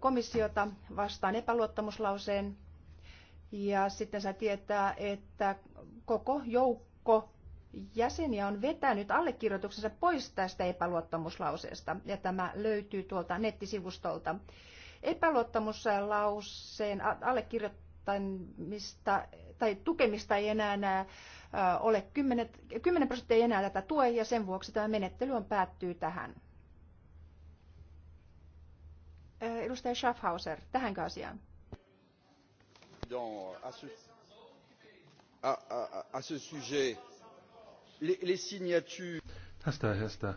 komissiota vastaan epäluottamuslauseen. Ja sitten sai tietää, että koko joukko jäseniä on vetänyt allekirjoituksensa pois tästä epäluottamuslauseesta. Ja tämä löytyy tuolta nettisivustolta. Epäluottamuslauseen allekirjoittamista tai tukemista ei enää ole 10, 10 prosenttia ei enää tätä tue ja sen vuoksi tämä menettely on päättyy tähän. Äh, edustaja Schaffhauser, tähänkö asiaan? Tästä aiheesta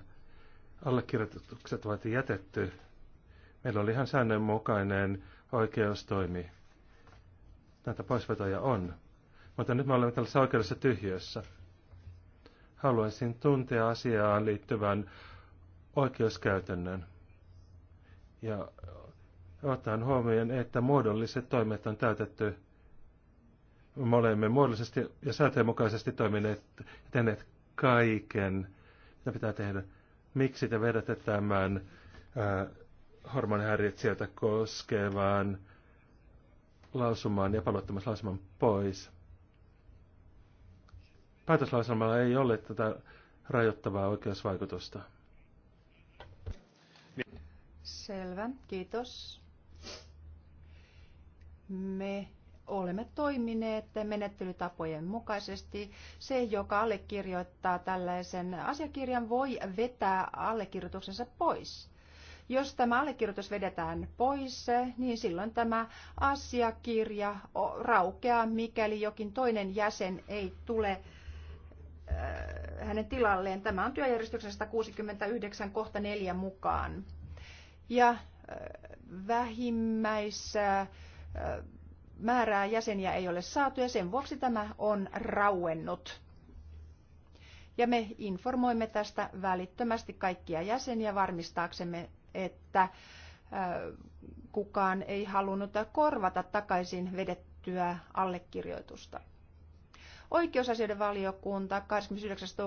allekirjoitukset ovat jätetty. Meillä oli ihan säännönmukainen oikeustoimi. Näitä poisvetoja on. Mutta nyt me olemme tällaisessa oikeudessa tyhjössä. Haluaisin tuntea asiaan liittyvän oikeuskäytännön. Ja ottaen huomioon, että muodolliset toimet on täytetty, me olemme muodollisesti ja sääteenmukaisesti toimineet ja tehneet kaiken, mitä pitää tehdä. Miksi te vedätte tämän äh, sieltä koskevaan lausumaan ja palauttamislausuman pois? Päätöslausumalla ei ole tätä rajoittavaa oikeusvaikutusta. Selvä, kiitos. Me olemme toimineet menettelytapojen mukaisesti. Se, joka allekirjoittaa tällaisen asiakirjan, voi vetää allekirjoituksensa pois. Jos tämä allekirjoitus vedetään pois, niin silloin tämä asiakirja raukeaa, mikäli jokin toinen jäsen ei tule äh, hänen tilalleen. Tämä on työjärjestyksen 69 kohta 4 mukaan ja äh, vähimmäissä äh, määrää jäseniä ei ole saatu ja sen vuoksi tämä on rauennut. Ja me informoimme tästä välittömästi kaikkia jäseniä varmistaaksemme, että äh, kukaan ei halunnut korvata takaisin vedettyä allekirjoitusta. Oikeusasioiden valiokunta 29.